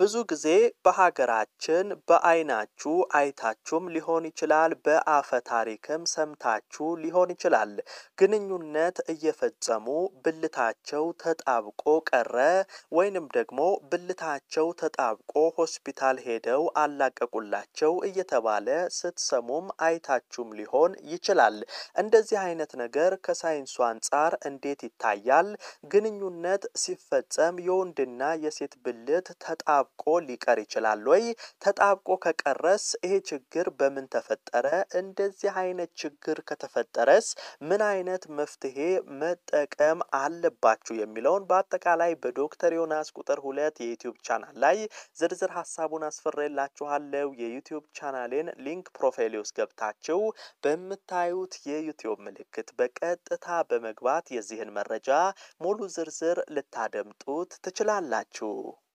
ብዙ ጊዜ በሀገራችን በአይናችሁ አይታችሁም ሊሆን ይችላል፣ በአፈ ታሪክም ሰምታችሁ ሊሆን ይችላል። ግንኙነት እየፈጸሙ ብልታቸው ተጣብቆ ቀረ ወይንም ደግሞ ብልታቸው ተጣብቆ ሆስፒታል ሄደው አላቀቁላቸው እየተባለ ስትሰሙም አይታችሁም ሊሆን ይችላል። እንደዚህ አይነት ነገር ከሳይንሱ አንጻር እንዴት ይታያል? ግንኙነት ሲፈጸም የወንድና የሴት ብልት ተጣብ ተጣብቆ ሊቀር ይችላል ወይ? ተጣብቆ ከቀረስ ይሄ ችግር በምን ተፈጠረ? እንደዚህ አይነት ችግር ከተፈጠረስ ምን አይነት መፍትሄ መጠቀም አለባችሁ የሚለውን በአጠቃላይ በዶክተር ዮናስ ቁጥር ሁለት የዩቲዩብ ቻናል ላይ ዝርዝር ሀሳቡን አስፈሬላችኋለሁ። የዩቲዩብ ቻናሌን ሊንክ ፕሮፋይል ውስጥ ገብታችሁ በምታዩት የዩቲዩብ ምልክት በቀጥታ በመግባት የዚህን መረጃ ሙሉ ዝርዝር ልታደምጡት ትችላላችሁ።